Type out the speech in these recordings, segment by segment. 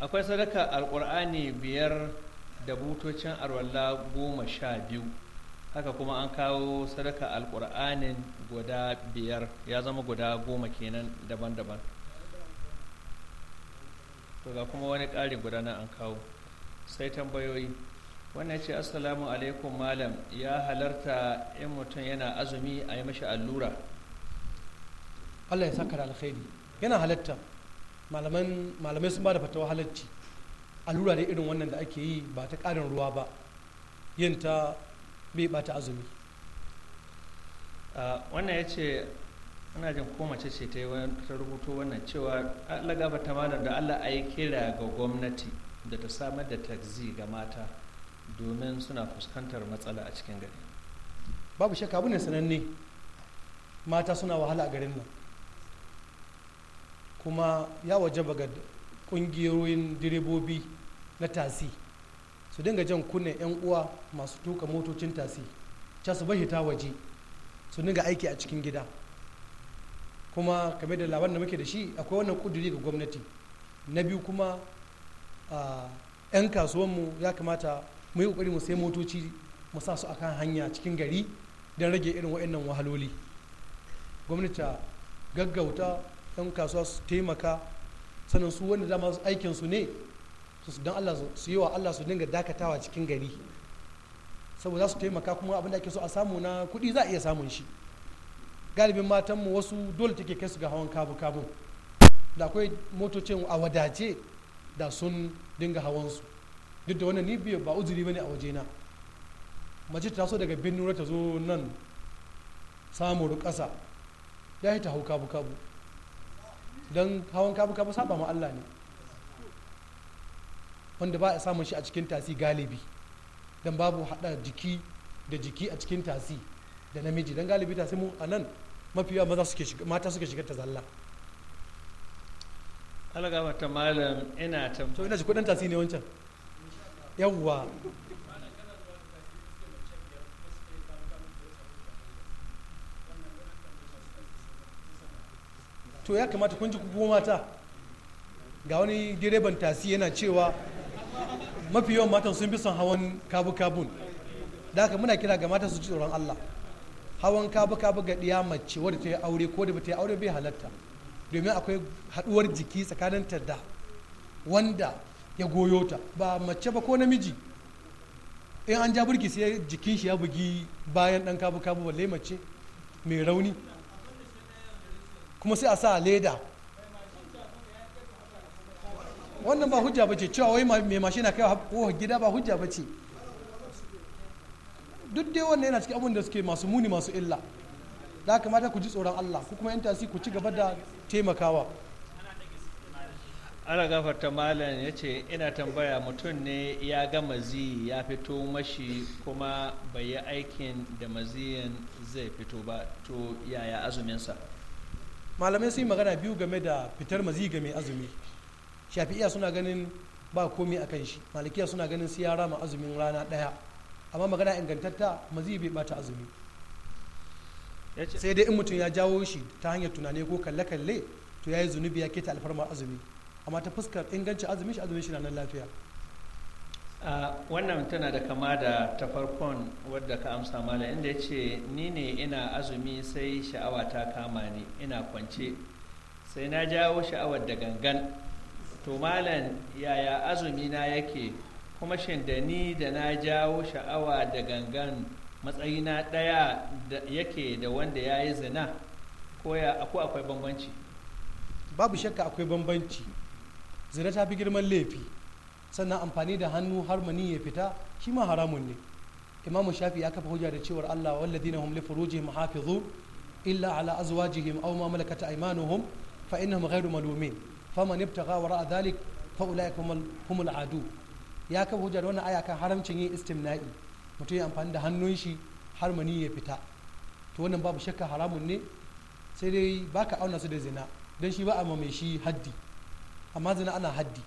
akwai sadaka alkur'ani biyar da butocin arwalla goma sha biyu haka kuma an kawo sadaka alkur'anin guda biyar ya zama guda goma kenan daban-daban to ga kuma wani ƙari guda nan an kawo sai tambayoyi wannan ce assalamu alaikum malam ya halarta in mutum yana azumi a yi mashi allura allah ya saka da alkhairi yana halarta malamai sun ba da fatawa halarci allura da irin wannan da ake yi ba ta karin ruwa ba yin ta bai bata azumi wannan ya ce ana jin ko mace ce ta yi wata rubuto wannan cewa allah gaba ta malam da allah a yi kira ga gwamnati da ta samar da taxi ga mata domin suna fuskantar matsala a cikin gari babu shakka abu ne sananne mata suna wahala a garin nan kuma ya waje ga kungiyoyin direbobi na tasi su dinga jan kunne 'yan uwa masu tuka motocin tasi ca su bashi ta waje su dinga aiki a cikin gida kuma kamar da labarin da muke da shi akwai wannan kuduri ga gwamnati na biyu kuma a 'yan kasuwanmu ya kamata mu yi kokari mu sai motoci mu sa su akan hanya cikin gari don rage irin wa'annan wahaloli gwamnati gaggauta 'yan kasuwa su taimaka sannan su wanda dama aikin su ne su don Allah su yi wa Allah su dinga dakatawa cikin gari saboda su taimaka kuma abin da ake so a samu na kuɗi za a iya samun shi galibin matanmu wasu dole take kai su ga hawan kabu kabu da akwai motocin a wadace da sun dinga hawan su duk da wannan ni biyu ba uzuri bane a waje na mace ta so daga birnin ta zo nan samun ƙasa ya ta hau kabu kabu don hawan kabu kabu saba ma Allah ne wanda ba a samun shi a cikin tasi galibi don babu hada jiki da jiki a cikin tasi da namiji don galibi tasi mu a nan mafi yawa mata suke shiga ta zalla alga mata malam ina tambaya to ina ji kudin tasi ne wancan yawwa to ya kamata kun ji ku mata ga wani direban tasi yana cewa mafi yawan matan sun fi son hawan kabu-kabun da muna kira ga mata su ji tsoron Allah hawan kabu-kabu ga ɗiya mace wadda ta yi aure ko da ba ta yi aure bai halatta domin akwai haɗuwar jiki tsakaninta da wanda ya goyo ta ba mace ba ko namiji in an ja burki sai jikin shi ya bugi bayan ɗan kabu-kabu balle mace mai rauni kuma sai a sa leda wannan ba hujja ba ce cewa wai mai mashina kai wa gida ba hujja ba ce duk dai wannan yana cikin abin da suke masu muni masu illa da kamata ku ji tsoron Allah ku kuma yanta ku ci gaba da taimakawa ana gafarta malam ya ce ina tambaya mutum ne ya ga mazi ya fito mashi kuma bai yi aikin da maziyan zai fito ba to yaya azuminsa malamai sun yi magana biyu game da fitar mazi ga mai azumi shafi'iya suna ganin ba komai a kan shi malikiya suna ganin su ya ma azumin rana ɗaya amma magana ingantatta mazi bai bata azumi sai dai in mutum ya jawo shi ta hanyar tunani ko kalle-kalle to ya yi zunubi ya keta alfarmar azumi amma ta fuskar ingancin azumi shi azumin shi na nan lafiya wannan tana da kama da ta farkon wadda ka amsa mala inda ya ce ni ne ina azumi sai sha'awa ta kama ni ina kwance sai na jawo sha'awar da gangan to malam yaya azumi na yake kuma shin da ni da na jawo sha'awa da gangan matsayina ɗaya yake da wanda ya yi zina ko ya akwai bambanci babu shakka akwai bambanci zina ta fi girman laifi sannan amfani da hannu har mani ya fita shi ma haramun ne imamu shafi ya kafa hujja da cewar allah walladina hum li furujihim hafizu illa ala azwajihim aw ma malakat aymanuhum fa innahum ghayru malumin faman ibtagha wara dhalik fa ulaika humul adu ya kafa hujja da wannan aya kan haramcin yin istimna'i mutum ya amfani da hannun shi har mani ya fita to wannan babu shakka haramun ne sai dai baka auna su da zina don shi ba a mai shi haddi amma zina ana haddi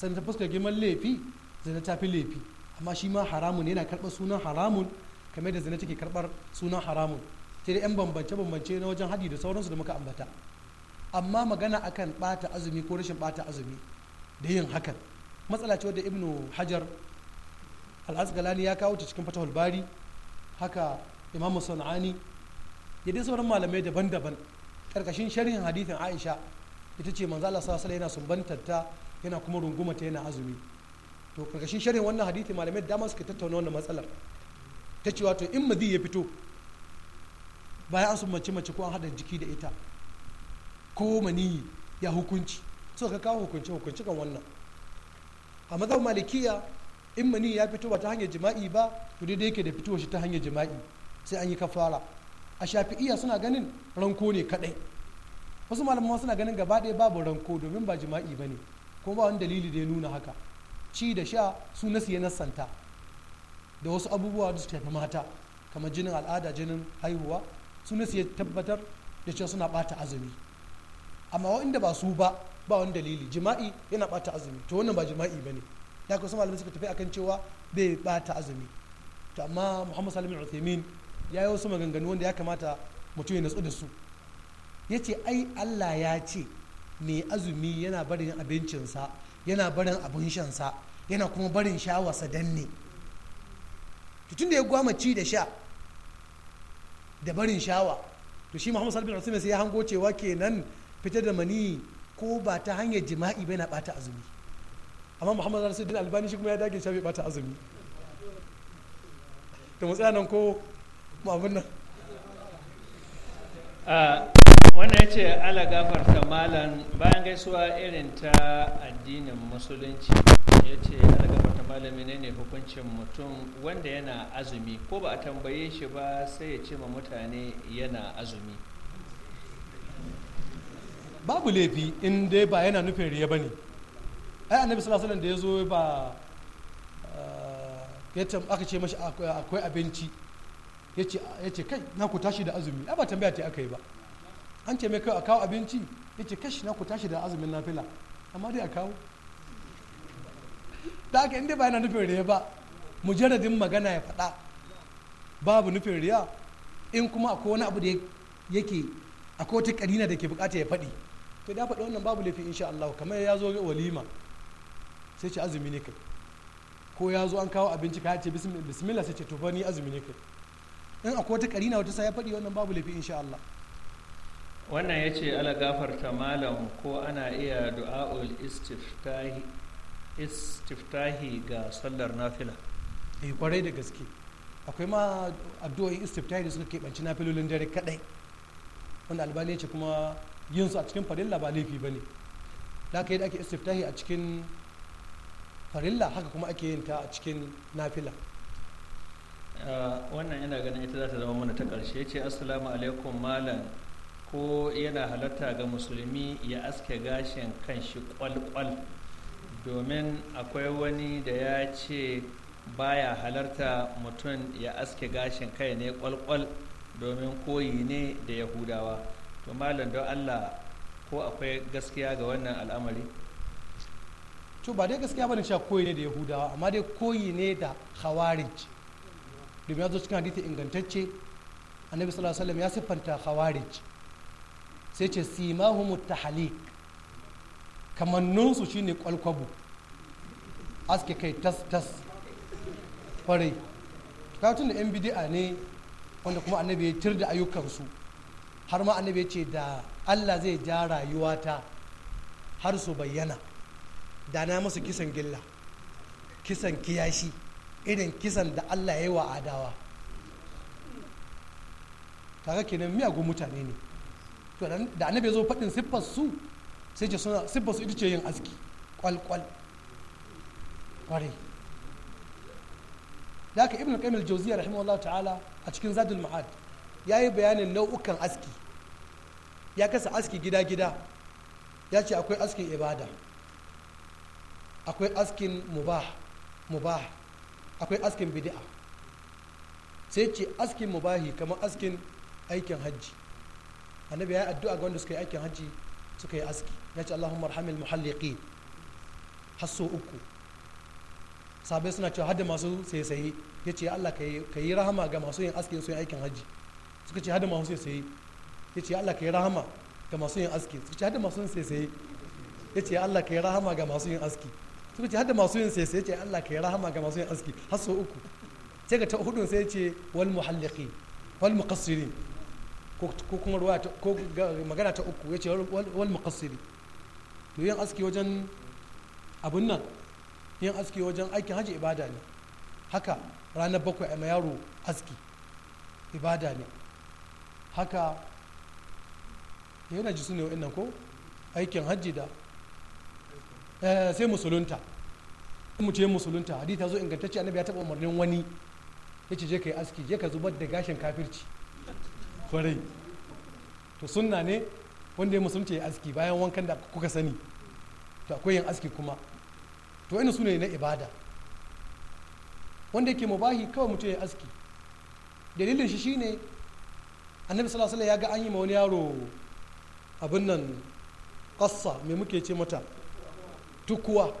sannan ta fuskar girman laifi zina ta fi laifi amma shi ma haramun yana karɓar sunan haramun kamar da zina take karɓar sunan haramun sai da 'yan bambance-bambance na wajen hadi da sauransu da muka ambata amma magana akan ɓata azumi ko rashin ɓata azumi da yin hakan matsala ce wadda ibnu hajar al'asgalani ya kawo ta cikin fatahul bari haka Imam sana'ani ya dai sauran malamai daban-daban karkashin sharhin hadithin aisha ita ce manzo Allah sallallahu yana sumbantar yana kuma runguma ta yana azumi to karkashin sharhin wannan hadithi malamai dama suka tattauna wannan matsalar ta cewa to in mazi ya fito bayan an sun mace mace ko an hada jiki da ita ko mani ya hukunci so ka kawo hukunci hukunci kan wannan a mazan malikiya in mani ya fito ba ta hanyar jima'i ba to daidai yake da fito shi ta hanyar jima'i sai an yi kafara a shafi'iya suna ganin ranko ne kadai wasu malamai suna ganin gaba ɗaya babu ranko domin ba jima'i ba ne Ko ba wani dalili da ya nuna haka ci da sha su nasu ya nassanta da wasu abubuwa da su tafi mata kamar jinin al'ada jinin haihuwa su nasu ya tabbatar da cewa suna bata azumi amma wa'inda ba su ba ba wani dalili jima'i yana bata azumi to wannan ba jima'i ba ne da kusa malamai suka tafi akan cewa bai bata azumi to amma muhammad salim al-uthaymin ya yi wasu maganganu wanda ya kamata mutum ya natsu da su ya ce ai allah ya ce mai azumi yana barin abincinsa yana barin abin shansa yana kuma barin shawarsa danne tun da ya gwama ci da sha da barin shawa to shi muhammad salbin mai sai ya hango cewa kenan fitar da mani ko ba ta hanyar jima'i bai na bata azumi amma muhammad rasul albani shi kuma ya dage shafi bata azumi da ko abin nan ah, wannan ya ce ala gafarta malam bayan gaisuwa irin ta addinin musulunci ya ce ala gafarta malam ne hukuncin mutum wanda yana azumi ko ba a tambaye shi ba sai ya ce ma mutane yana azumi babu laifi in dai ba yana nufin riya ba ne ai annabi sallallahu alaihi da ya zo ba eh, ya aka ce mashi akwai abinci ya ce kai na ku tashi da azumi ai ba tambaya ta aka yi ba an ce mai a kawo abinci ya ce kashi na ku tashi da azumin nafila amma dai a kawo da aka inda ba yana nufin riya ba mujaradin magana ya faɗa babu nufin riya in kuma akwai wani abu da yake akwai wata karina da ke bukata ya faɗi to da faɗi wannan babu laifi insha Allah kamar ya zo ga walima sai ce azumi ne kai ko ya zo an kawo abinci ka ce bismillah sai ce to ni azumi ne kai in akwai wata karina wata sai ya faɗi wannan babu laifi insha Allah wannan ya ce ala gafarta malam ko ana iya du'a'ul istiftahi ga sallar nafila eh kwarai da gaske akwai ma addu'o'in istiftahi da suka keɓanci nafilolin dare kaɗai wanda albani ya ce kuma yin su a cikin farilla ba laifi ba ne da aka yi da ake istiftahi a cikin farilla haka kuma ake yin ta a cikin nafila wannan yana ganin ita za ta zama mana ta ƙarshe ce assalamu alaikum malam ko yana halatta ga musulmi ya aske gashin kanshi kwal-kwal domin akwai wani da ya ce baya halarta mutum ya aske gashin kai ne kwal-kwal domin koyi ne da yahudawa to malam don allah ko akwai gaskiya ga wannan al'amari to ba dai gaskiya ba sha koyi ne da yahudawa amma dai koyi ne da khawarij domin ya zo cikin hadithi ingantacce annabi sallallahu alaihi wasallam ya siffanta khawarij sai ce simahumu kamannunsu kamanninsu shine kwalkwabo aske kai tas tas kwarai tukatun da 'yan bidi'a ne wanda kuma annabi ya tir da ayyukansu har ma annabi ya ce da allah zai ja rayuwata har su bayyana da na musu kisan gilla kisan kiyashi irin kisan da allah ya yi wa adawa kaga kenan miyagun mutane ne to da annabi ya zo faɗin siffar su sai ce suna siffar su ita ce yin aski kwalkwal kwarai da haka ibn rahimahullah ta'ala a cikin zadul ma'ad yayi bayanin nau'ukan aski ya kasa aski gida-gida ya ce akwai askin ibada akwai askin mubah mubah akwai askin bid'a sai ce askin mubahi kamar askin aikin hajji annabi ya addu'a ga wanda suka yi aikin hajji suka yi aski ya ce allahumma arhamil muhalliqin hasso uku sabai suna cewa hada masu sai ya ce allah ka yi rahama ga masu yin aski su yi aikin hajji suka ce hada masu sai ya ce allah ka yi rahama ga masu yin aski suka ce hada masu sai sai ya ce allah ka yi rahama ga masu yin aski suka ce hada masu yin sai sai ya ce allah ka yi rahama ga masu yin aski hasso uku sai ga ta hudun sai ya ce wal muhalliqin wal muqassirin ko kuma ruwa ko magana ta uku ya ce wal muqassiri to yin aski wajen abun nan yin aski wajen aikin haji ibada ne haka ranar bakwai a yaro aski ibada ne haka yana ji su ne wa'in ko aikin hajji da eh, sai musulunta mu ce musulunta hadita zo ingantacce annabi ya taɓa umarnin wani ya ce je ka yi aski je ka zubar da gashin kafirci Farai to sunna ne wanda ya musulunci ya aski bayan wankan da kuka sani to akwai yin aski kuma to ina su ne na ibada wanda yake mubahi kawai mutum ya aski dalilin shi shine annabi sallallahu alaihi ya ga an yi ma wani yaro abin nan kassa mai muke ce mata tukuwa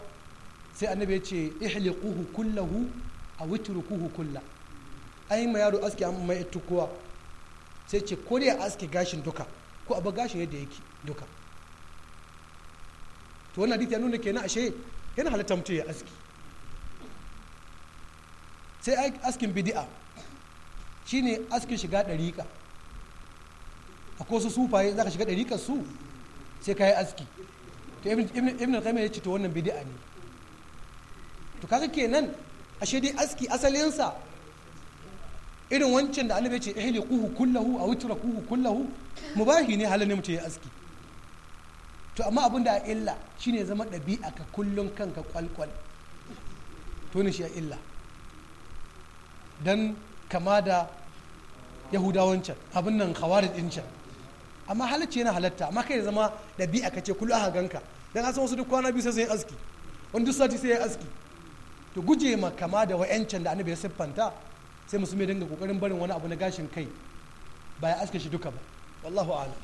sai annabi ya ce kuhu kullahu a kuhu kulla an yi ma yaro aski an mai tukuwa sai ce ko dai a aske gashin duka ko a ba gashin yadda yake duka to wannan hadith ya nuna kenan ashe yana halatta mutum ya aski sai askin bidi'a shine askin shiga ɗariƙa a ko su sufaye za ka shiga ɗariƙar su sai ka yi aski to ibn al-qayyim ya ce to wannan bidi'a ne to kaga kenan ashe dai aski asalinsa irin wancan da annabi ce ehli kuhu kullahu a wutura kuhu kullahu mubahi ne halin ne mutum ya aski to amma abin da a illa shine zama ɗabi'a ka kullum kanka kwalkwal to ne shi a illa dan kama da yahudawancan abin nan khawarij din can amma halacci yana halatta amma kai zama ɗabi'a ka ce kullum a ganka dan asan wasu duk kwana biyu sai sai aski wani duk sati sai ya aski to guje ma kama da wa'yancan da annabi ya siffanta sai musulmi dinga kokarin barin wani abu na gashin kai ba ya aske shi duka ba wallahu a'lam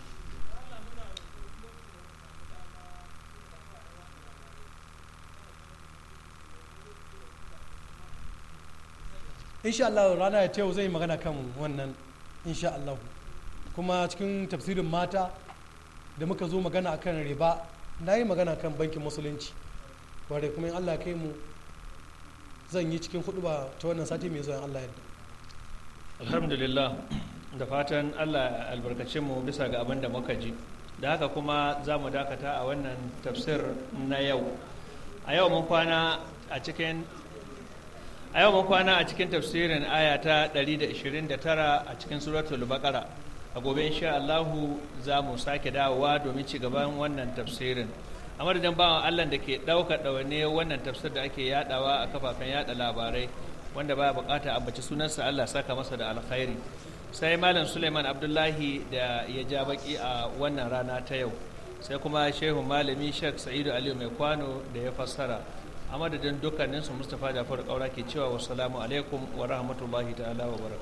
insha Allah rana ya tewo zai magana kan wannan insha Allah kuma cikin tafsirin mata da muka zo magana kan riba na yi magana kan bankin musulunci bare kuma in Allah kai mu zan yi cikin hudu ba ta wannan sati mai zuwa Allah yadda alhamdulillah da fatan allah albarkacin mu bisa ga abin da muka ji da haka kuma za mu dakata a wannan tafsir na yau a yau mun kwana a cikin tafsirin ayata 129 a cikin suratul baqara a gobe insha Allahu za mu sake dawowa domin ci gaban wannan tafsirin a madadin bawan Allah da ke ɗauka ɗawane wannan tafsir da ake yadawa a kafafen yada labarai wanda baya bukata a bace sunansa Allah saka masa da alkhairi sai malam Suleiman Abdullahi da ya ja baki a wannan rana ta yau sai kuma shehu malami shek Sa'idu Aliyu mai kwano da ya fassara a madadin dukkaninsu Mustapha Jafaru Kaura ke cewa wassalamu alaikum wa rahmatullahi ta'ala wa